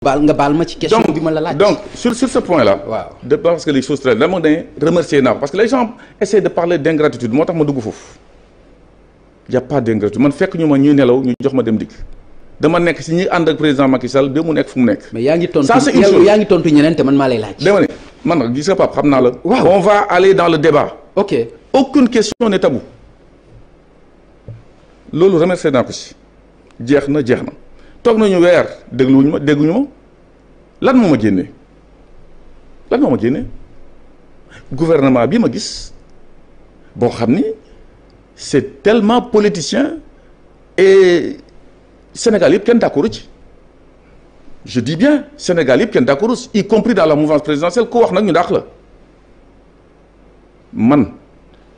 baal nga baal ma ci question bi ma la laaj. donc sur sur ce point là. waaw de parce que les choses très dama ne remercier naa parce que les gens essaient de parler d' moo tax ma dugg foofu y' a man fekk ñu ma ñuy nelaw ñu jox ma dem dikk dama nekk si ñi ànd ak président Macky Sall mu nekk fu mu nekk. mais yaa ngi tontu yaa ngi tontu ñeneen te man maa lay laaj. dama ne man nag gis nga Pape xam naa la. waaw aller dans le débat. ok aucune n' est tabou jeex na jeex na. toog nañu weer dégluwuñu ma dégguñu ma lan moom a génnee lan moo ma génnee gouvernement bi ma gis boo xam ni c'est tellement politicien et Sénégal yëpp kenn d'accordu ci je dis bien Sénégal yëpp kenn d'accordu ci y compris dans la mouvance présidentielle ku wax nag ñu dàq la man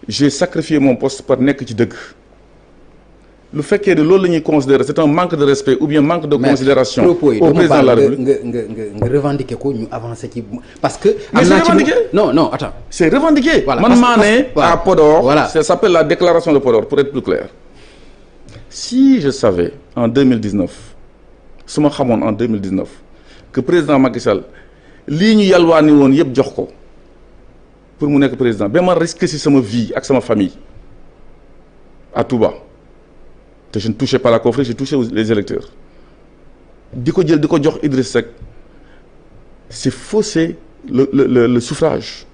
jee sacrifié mon poste par nekk ci dëgg lu fekkee ne loolu la ñuy considérer c'est un manque de respect ou bien manque de considération au président de la République nga nga nga nga revendiquer ko ñu avancer ci parce que am naa ci non non attends c'est revendiqué man maa ne à Podor voilà ça s'appelle la déclaration de Podor pour être plus clair si je savais en 2019 su ma xamoon en 2019 que président Macky Sall lii ñu yalwaani woon yëpp jox ko pour mu nekk président ba ma risqué si sama vie ak sama famille à Touba te je ne touchais pas la confrérie je touchais les électeurs di ko jël di ko jox Idriss Seck c'est fausser le le le le suffrage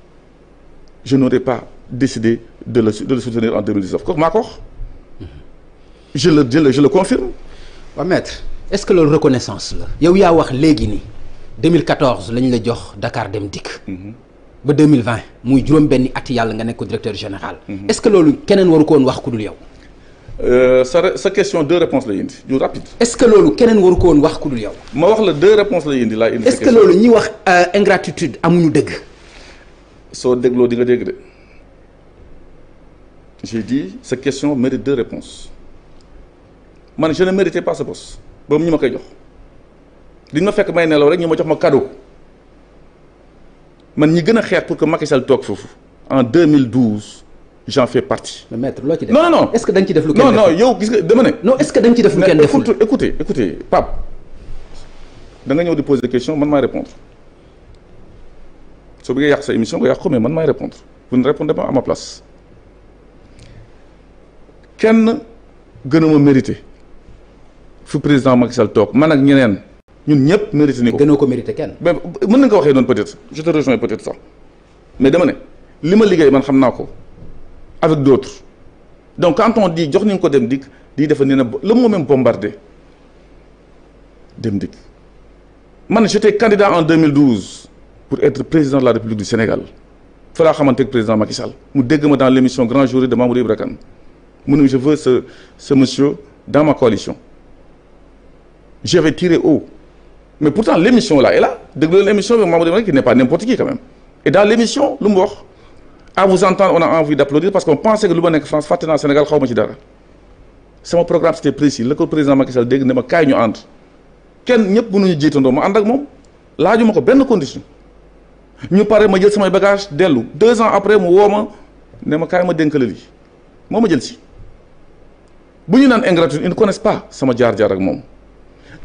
je n'aurais pas décidé de le de le soutenir en ko wax je le je le je le confirme. waaw maître est-ce que loolu reconnaissance la. yow yaa wax léegi nii 2014 lañ la jox Dakar Dem Dikk. Mhm. ba 2020 muy juróom benni at yàlla nga nekk ko directeur général. Mhm. est-ce que loolu keneen waru ko wax ku dul yow. Euh, sa sa question de réponses la indi yu rapide. est-ce que loolu keneen waru ko woon wax ku dul yow. ma wax la deux réponses lay indi laay indi. est-ce loolu ñi wax euh, ingratitude amuñu dëgg. soo dégloo di nga dégg de j'ai dit sa question mérite de réponses man je ne méritais pas ce poste boobu ñu ma koy jox li ñu ma fekk may nelaw rek ñu ma jox ma cadeau man ñi gën a xeex pour que Macky Sall toog foofu en 2012. j'en fais partie. mais maître loo ci def. non non est-ce que da nga ci def lu. kenn deful non non yow gis nga dama ne. non est-ce que da nga ci def lu kenn deful mais écoutez écoutez Pape da nga ñëw di poser question man maay répondre soo bëggee yàq sa émission nga yàq ko mais man maay répondre vous ne répondez pas à ma place kenn gën a ma mérité fu président Macky Sall toog man ak ñeneen ñun ñëpp mérité ni ko. gënoo ko mérité kenn. mais mën na nga waxee noonu peut-être je te rejoins peut-être sax mais dama ne li ma liggéey man xam naa ko. avec d'autres donc quand on di jox nañ ko dem dikk di dafa nee na le mot même bombardé dem dikk man j'étais candidat en 2012 pour être président de la République du Sénégal fa laa xamante ak président Macky Sall mu dégg ma dans l'émission Grand Jury de Mamoudou Ibra Kane mu ne je veux ce ce monsieur dans ma coalition j'avais tiré haut mais pourtant l'émission là est là déglu leen émission bi Mamoudou Ibra Kane qui n'est pas n'importe qui et dans lu mu à vous entendre on a envie d'applaudir parce qu'on pensait que lu ma nekk France fàtte naa Sénégal xaw ci dara sama programme c'était précis la ko président Macky Sall dégg ne ma kaay ñu ànd kenn ñëpp mënuñu jiitandoo ma ànd ak moom laaju ma ko benn condition ñu pare ma jël samay bagage dellu deux ans après mu wooma ne ma kaay ma dénkale la moo ma jël si bu ñu naan ingratitude ils ne connaissent pas sama jaar-jaar ak moom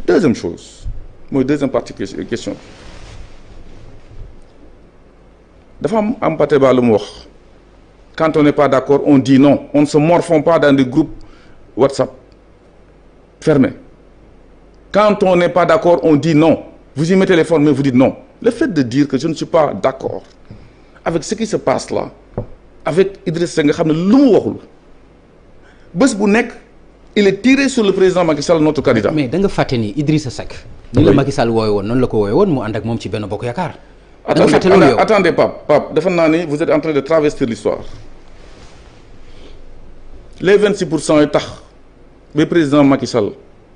deuxième chose mooy deuxième partie question dafa am am Pateba lu mu wax quanton on n'est pas d'accord on dit non on ne se morfond pas dans des groupes WhatsApp fermés quand on n'est pas d'accord on dit non vous y mettez les formes mais vous dites non le fait de dire que je ne suis pas d'accord avec ce qui se passe là avec Idriss Seck nga xam ne lu mu waxul bés bu nekk il est tiré sur le président Macky Sall notre candidat. mais da fàtte ni Idrissa Seck. ni la Macky Sall woon noonu la ko wooye woon mu moom ci benn bokk yaakaar. attendez attendez Pape Pape defe naa ni vous êtes en les vingt six pour cent yi tax ba président Macky Sall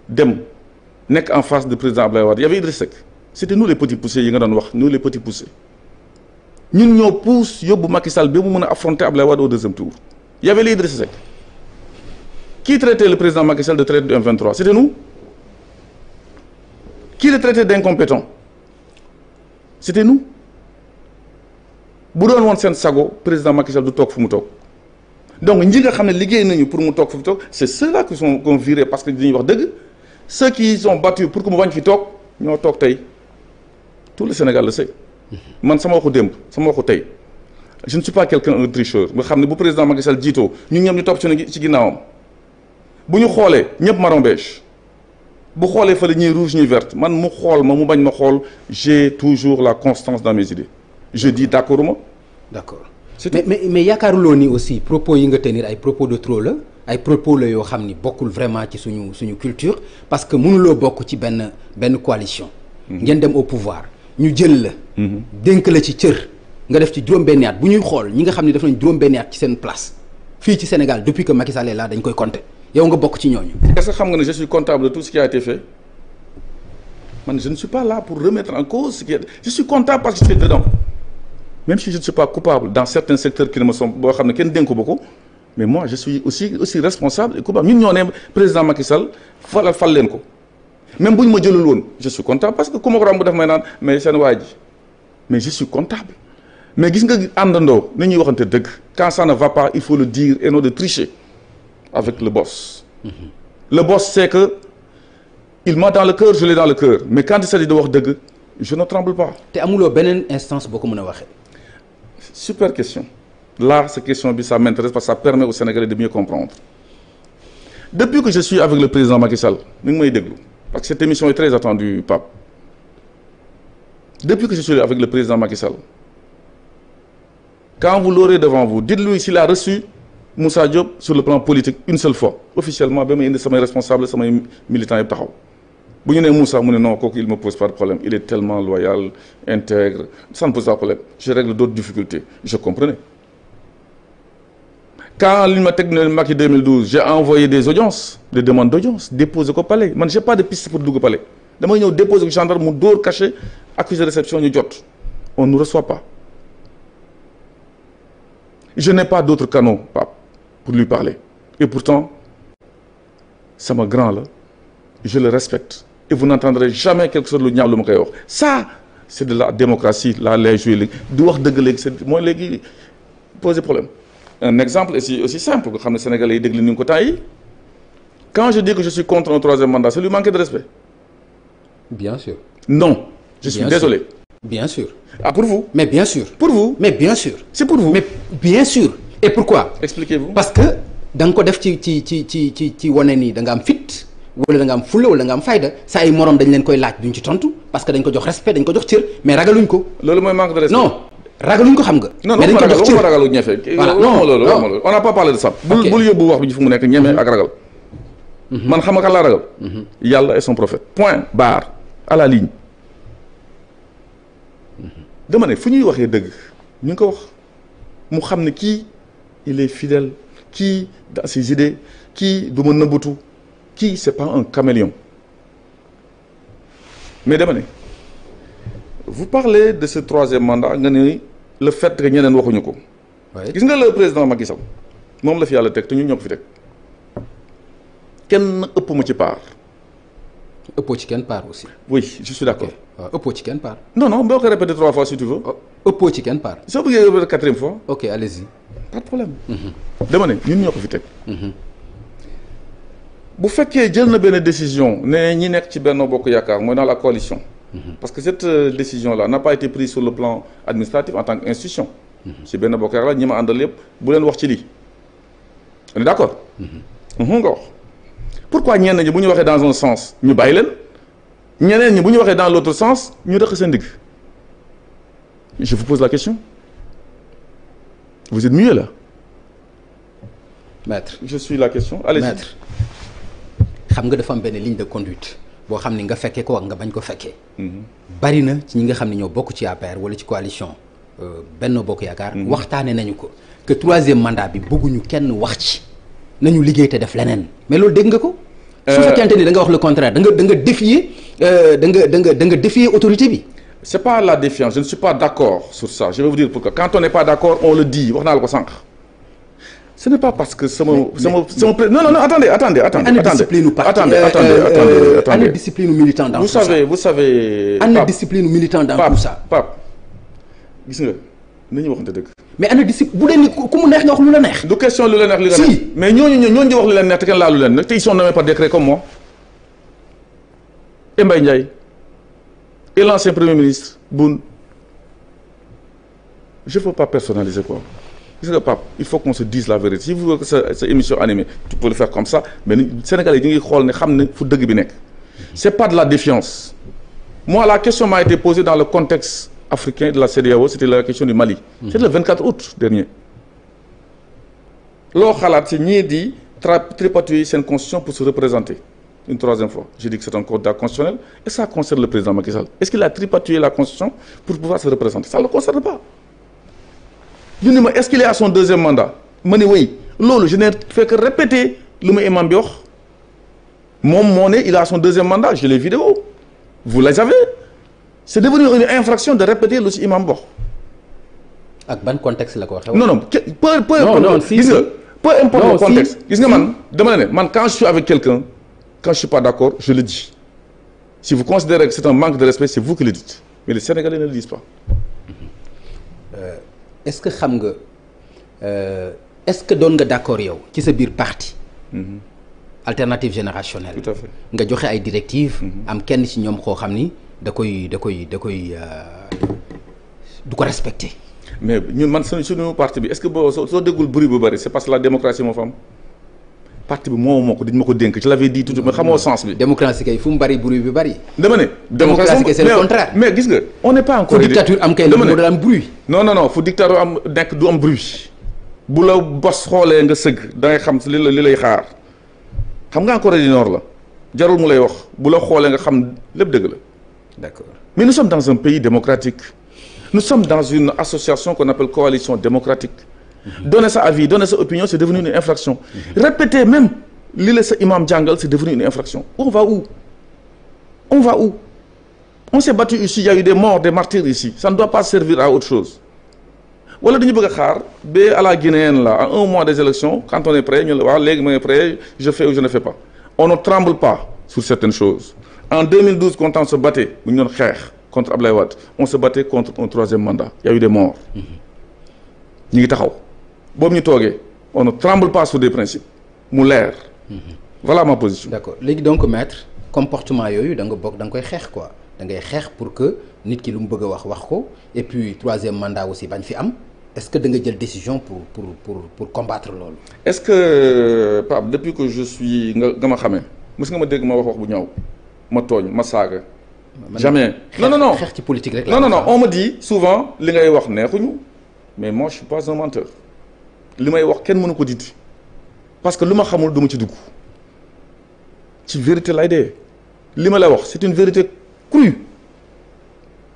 dem nekk en face de président Ablaye Wade y avait Idriss Seck c'était nous les petits poussés yi nga doon wax nous les petits poussés ñun ñoo pousse yóbbu Macky Sall ba mu mën a affronter Ablaye Wade au deuxième tour y avait Idriss Seck qui traitait le président Macky Sall de traître du M23 c'était nous qui le traitait d'incompétent c'était nous bu doon woon seen sago président Macky Sall du toog fu mu toog donc ñi nga xam ne liggéey nañu pour mu toog fu mu toog c'est ceux-là qui sont qu'on viré parce que dañuy wax dëgg ceux qui sont battus pour que mu bañ fi toog ñoo toog tey tout le Sénégal le sait man sama waxu démb sama waxu tey je ne suis pas quelqu'un un tricheur nga xam ne bu président Macky Sall jiitoo ñu ñoom ñu topp ci ci ginnaawam bu ñu xoolee ñëpp marron beige bu xoolee fële ñuy rouge ñuy verte man mu xool ma mu bañ ma xool j'ai toujours la constance dans mes je dis d'accord ma. d'accord mais mais mais yaakaaruloo ni aussi propos yi nga tenir ay propos de trop la ay propos la yoo xam ni bokkul vraiment ci suñu suñu culture parce que mënuloo bokk ci benn benn coalition. Mhm. ngeen dem au pouvoir ñu jël la. Mhm. dénk la ci cër. nga def ci juróom-benni at bu ñuy xool ñi nga xam ne def nañ juróom-benni ci seen place fii ci Sénégal depuis que Macky Sall est dañ koy compter yow nga bokk ci ñooñu. est-ce que xam nga ne je suis comptable de tout ce a pour remettre en cause ce qui est même si je ne suis pas coupable dans certains secteurs qui ne me sont boo xam ne kenn dénku ba ko mais moi je suis aussi aussi responsable coupable ñun ñoo ne président Macky falal fal leen ko même bu ñu ma jëlul woon je suis comptable parce que ku ma ko romb daf may naan mais seen waa ji mais je suis comptable mais gis nga àndandoo ni ñuy waxante dëgg quand ça ne va pas il faut le dire et non de tricher avec le boss. Mm-hmm. le boss c'est que il m'a dans le cœur je le cœur wax dëgg je ne tremble pas. amuloo beneen instance boo ko mën a waxee. super question là cette question bi sa m'intéresse parce que ça permet aux Sénégalais de mieux comprendre depuis que je suis avec le président Macky Sall mi ngi may déglu parce que cette émission est très attendue Pape depuis que je suis avec le président Macky Sall quand vous l'aurez devant vous dites-lui s'il a reçu Moussa sur le plan politique une seule fois officiellement ba may indi samay responsable samay militants yi taxaw bu ñu nee Moussa mu ne non kooku il me pose pas de problème il est tellement loyal intègre ça ne pose pas de problème je règle d'autres difficultés je comprenais quand li ma teg j'ai envoyé des audiences des demandes d'audience déposé ko palais man j'ai pas de piste pour dugg palais damay ñëw déposé ko gendarme mu dóor caché accusé de réception ñu jot on ne reçoit pas je n'ai pas d'autres canaux Pape pour lui parler et pourtant sama grand là respecte et vous n'entendrez jamais quelque chose lu ñaaw lu ma koy wax ça c'est de la démocratie la lay joué léegi di wax dëgg léegi c'est mooy léegi poser problème un exemple aussi aussi simple nga xam ne sénégalais yi déglu ni ko temps yi quand je dis que je suis contre un troisième mandat c'est lui manquer de respect bien sûr non je suis désolé bien sûr ah, pour vous mais bien sûr pour vous mais bien sûr c'est pour vous mais bien sûr et pourquoi expliquez-vous parce que da nga ko def ci ci ci ci ci ci wane nii da am fit wala da nga am fulla wala da fayda sa ay morom dañ leen koy laaj duñ ci tontu parce que dañ ko jox respect dañ ko jox cër mais ragaluñ ko. loolu mooy manque de respect non. ragaluñ ko xam nga. mais dañ ci non non ragalu ñefe. voilà non non on n'a pas parlé de mhm. ragal. Mhm. man xam nga kan laa ragal. Mhm. yàlla et son prophète. point barre à la ligne. dama ne fu ñuy waxee dëgg ñu ngi ko wax mu xam ne kii il est fidèle kii dans ses idées kii du ma nëbbatu. kii c'est pas un caméléon mais dama ne vous parlez de ce troisième mandat nga ne le fait que ñeneen waxuñu ko. gis nga la président Macky Sall moom la fi yàlla teg te ñu ñoo ko fi teg kenn ëpp ma ci part. ëppoo ci kenn paar aussi. oui je suis d'accord. waaw ëppoo ci kenn part. non boo ko répété trois fois si tu veux. Oh, ëppoo ci kenn part. soo bëggee répété quatrième fois. ok allez-y. pas problème. Mhm. dama ñun ñoo ko fi teg. Mhm. bu fekkee jël na benn décision ne ñi nekk ci Benno Bokk Yaakaar mooy dans la coalition. Mhm. parce que cette euh, décision là n'a pas été prise sur le plan administratif en tant qu'institution. ci mhm. Benno Bokk Yaakaar la ñi ma àndal yëpp bu leen wax ci lii. on est d'accord. Mhm. nga wax pourquoi ñenn ñi bu ñu waxee dans un sens ñu bàyyi leen ñeneen ñi bu ñu waxee dans l'autre sens ñu rëq seen digg je vous pose la question vous êtes muet là. maître je suis la question allez-y xam nga dafa am benn ligne de conduite boo xam ni nga fekkee ko ak nga bañ ko fekkee. Mhm. bari na ci ñi nga xam ne ñoo bokk ci APR wala ci coalition euh, Benno Bokk Yaakaar. Mhm. waxtaane nañu ko que troisième mandat bi bëgguñu kenn wax ci nañu liggéey te def leneen mais loolu dégg nga ko. Euh, su fekkente ni da nga wax le contraire da nga da nga défier euh, da nga da nga da nga défier autorité bi. c'est pas la défiance je ne suis pas d'accord sur ça je vais vous dire pourquoi quand ko sànq. ce n'est pas parce que sama sama sama non non non attendez attendez attendez ana discipline attendez euh, attendez euh, attendez euh, ana discipline militant dans tout ça vous savez vous savez ana discipline militant dans tout ça Pape gis nga nañu waxante dëgg mais ana discipline bu dee ni ku mu neex nga wax lu la neex du question lu la neex li la neex mais ñooñu ñooñu di wax lu la neex te kenn laa lu leen neex te ils sont nommés par décret comme moi et Mbaye Ndiaye et l'ancien premier ministre Boun je veux pas personnaliser quoi gis nga Pape il faut qu'on se dise la vérité si vous voulez que sa émission animée tu peux le faire comme ça mais Sénégalais yi ñu ngi xool ne xam ne fu dëgg bi nekk c'est pas de la défiance moi la question m'a été posée dans le contexte africain de la CEDEAO c'était la question du Mali hmm. c'était le 24 août dernier loo xalaat si ñii di tripatouiller seen constitution pour se représenter une troisième fois j'ai dit que c'est un contrat constitutionnel et ça concerne le président Macky Sall est ñu ma est-ce qu'il y a son deuxième mandat ma ni oui loolu je n'ai fait que répéter lu ma imam bi wax moom moo ne il a son deuxième mandat je les vidéo vous les avez c'est devenu une infraction de répéter lu si imam bi wax. ak ban ko waxee. non non peu peu importe. non si peu importe contexte. man dama ne man quand je suis avec quelqu'un quand je suis pas d'accord je le dis si vous considérez que c'est un manque de respect c'est vous qui le dites mais les Sénégalais ne le disent pas. Euh, est-ce que xam nga euh, est-ce que doon nga d'accord yow ci sa biir parti. Mhm. alternative générationnelle. tout à nga joxe ay directives. Mhm. am kenn ci ñoom koo xam ni da koy da koy da koy euh, du ko respecter. mais ñun man suñu parti bi est-ce que boo soo déggul bruit bu bari c'est parce que la démocratie moo fa parti bi moom moo ko dañ ma ko dénk ci la vie di tout mais xamoo sens bi. démocratie kay fu mu bari bruit bi bari. dama ne. démocratie kay c'est le contraire mais gis nga. on n'est pas encore fu dictature am kay dama ne am bruit. non non non fu dictature am nekk du am bruit. bu la bos xoolee nga sëgg da ngay xam li la li lay xaar xam nga Corée du Nord la jarul mu lay wax bu la xoolee nga xam lépp dëgg la. d'accord mais nous sommes dans un pays démocratique nous sommes dans une association qu'on appelle coalition démocratique. donner sa avis donner sa opinion c'est devenu une infraction répéter même li la sa imam jàngal c'est devenu une infraction on va où on va où on s'est battu ici il y a eu des morts des martyrs ici ça ne doit pas servir à autre chose wala dañu bëgg xaar ba à la guinéenne là à un mois des élections quand on est prêt ñu la waaw léegi ma ngi prêt je fais ou je ne fais pas on ne tremble pas sur certaines choses en 2012 quand on se battait bu ñu doon xeex contre Ablaye on se battait a eu des morts ngi taxaw boobu ñu toogee tremble pas sur des principes mu leer. Mhm. voilà ma position. d'accord léegi donc maître comportement yooyu da nga bokk da nga koy xeex quoi da ngay xeex pour que nit ki lu mu bëgg wax wax ko et puis troisième mandat aussi bañ fi am est-ce que da nga jël décision pour pour pour pour combattre loolu. est-ce que euh, Pape depuis que je suis nga nga ma xamee mës nga ma dégg ma wax wax bu ñaw ma tooñ ma saaga. jamais non non non xeex ci politique rek. non non non on me dit souvent li ngay wax neexuñu mais moi je suis pas li may wax kenn mënu ko dindi parce que lu ma xamul duma ci dugg ci vérité lay dee li ma lay wax c'est une vérité crue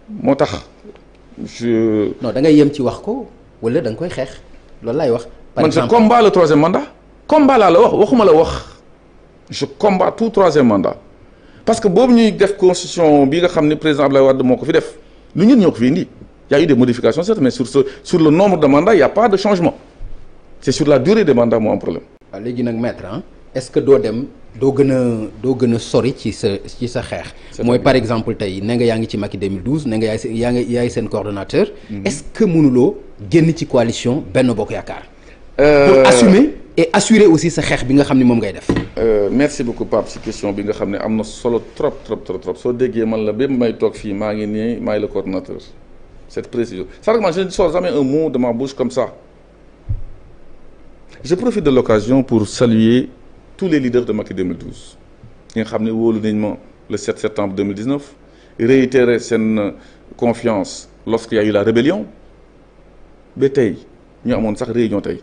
moo tax je. non da ngay yem ci wax ko wala da koy xeex loolu laay wax. par exemple man ba combat le troisième mandat. combat laa la wax waxuma la wax je combat tout troisième mandat parce que boobu ñuy def constitution bi nga xam ne président Abdoulaye Wade moo ko fi def lu ñun ñoo ko fi indi y a eu des modifications mais sur le nombre de mandats il changement. c'est sur la durée des mandats moo am problème. waaw léegi nag maître ah est-ce que doo dem doo gën a doo gën a sori ci sa ci sa xeex. mooy par exemple tey nenga yaa ngi ci mag 2012 ne nga yaay yaa ngi yaay seen coordonnateur. Mm-hmm. est-ce que mënuloo génn ci coalition benn Bokk Yaakaar. Euh, pour assumer et assurer aussi sa xeex bi nga xam ne moom ngay def. Euh, merci beaucoup Pape si question bi nga xam ne am na solo trop trop trop trop soo déggee man la ba may toog fii maa ngi nii maay le coordonnateur cette précision sànq man je ne sors jamais un mot comme ça. je profite de l'occasion pour saluer tous les leaders de Macky 2012 yi nga xam ne wóolu nañ ma le 7 septembre 2019 réitérer seen euh, confiance lorsqu'il y a eu la rébellion ba tey ñu amoon sax réunion tey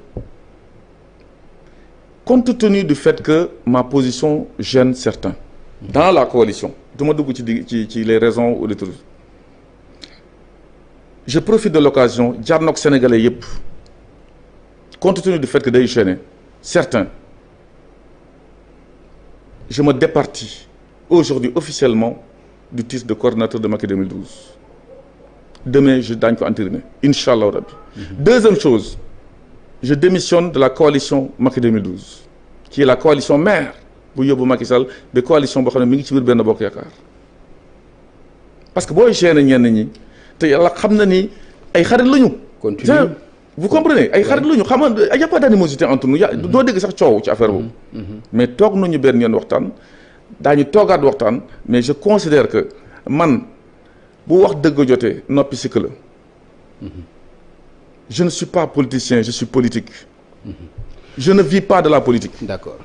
compte tenu du fait que ma position gêne certains dans la coalition du ma dugg ci dig ci ci les raisons ou les trucs je profite de l'occasion jaar na ko yëpp compte tenu du fait que day gêner certains je me départis aujourd'hui officiellement du titre de coordonnateur de Macky 2012 demain je daañu ko entériner incha allahu rabbi mhm. deuxième chose je démissionne de la coalition Macky 2012 qui est la coalition maire bu yóbbu Macky Sall ba coalition boo xam ne mi ngi ci biir benn bokk yaakaar parce que booy gêner ñenn ñi te yàlla xam na ni ay xarit lañu. vous comprenez ay xarit la ñu xam nga y' a pas d' animosité entre nous ya mm-hmm. doo dégg sax coow ci affaire boobu. Mm-hmm. Mm-hmm. mais toog nañu benn yoon waxtaan daañu toogaat waxtaan mais je considère que man bu wax dëgg jotee noppi sikk la je ne suis pas politicien je suis politique. je ne vis pas de la politique. d' accord